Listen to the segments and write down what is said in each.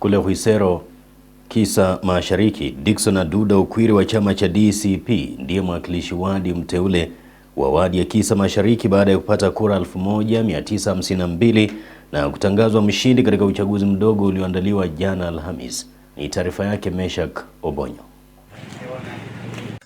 kule huisero Kisa Mashariki. Dickson Aduda Ukwiri wa chama cha DCP ndiye mwakilishi wadi mteule wa wadi ya Kisa Mashariki baada ya kupata kura 1952 na kutangazwa mshindi katika uchaguzi mdogo ulioandaliwa jana Alhamis. Ni taarifa yake Meshak Obonyo.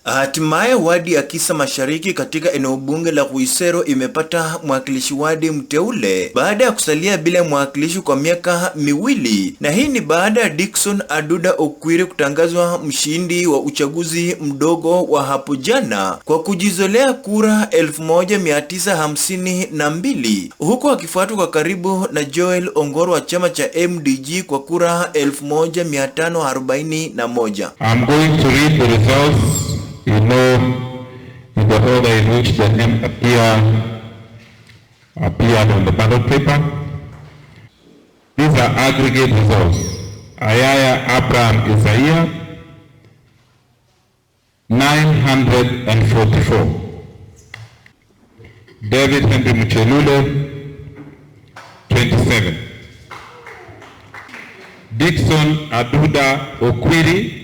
Hatimaye wadi ya Kisa Mashariki katika eneo bunge la Kuisero imepata mwakilishi wadi mteule baada ya kusalia bila mwakilishi kwa miaka miwili, na hii ni baada ya Dickson Aduda Okwiri kutangazwa mshindi wa uchaguzi mdogo wa hapo jana kwa kujizolea kura 1952 huku akifuatwa kwa karibu na Joel Ongoro wa chama cha MDG kwa kura 1541. I'm going to read the results you know, in the order in which the name appeared, appeared on the ballot paper. These are aggregate results. Ayaya Abraham Isaiah, 944. David Henry Muchelule, 27. dixon Aduda Okwiri,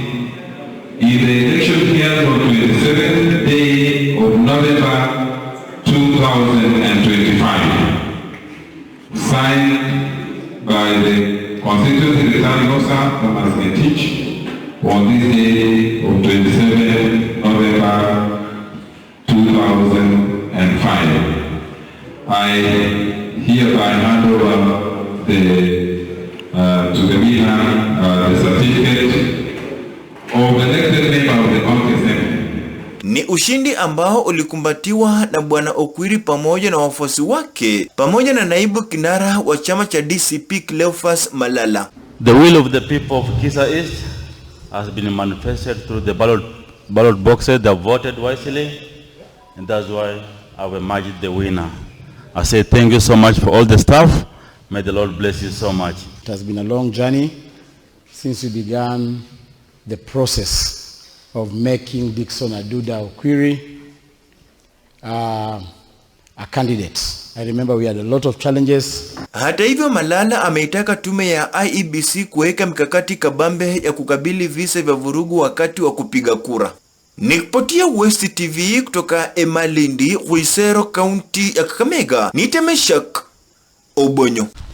in the election held on 27th day of November 2025. Signed by the Constituency Returning of Thomas Metich, on this day of 27th November 2005. I hereby hand over the, uh, to the winner uh, the certificate of the ni ushindi ambao ulikumbatiwa na Bwana Okwiri pamoja na wafuasi wake pamoja na naibu kinara wa chama cha DCP Cleophas Malala. The will of the people of Kisa East has been manifested through the ballot, ballot boxes that voted wisely and that's why I've emerged the winner. I say thank you so much for all the staff. May the Lord bless you so much. It has been a long journey since we began the process of making Dixon Aduda Okwiri uh, a candidate. I remember we had a lot of challenges. Hata hivyo Malala ameitaka tume ya IEBC kuweka mikakati kabambe ya kukabili visa vya vurugu wakati wa kupiga kura. Nikipotia West TV kutoka Emalindi, Ruisero, kaunti ya Kakamega, nitemeshak Obonyo.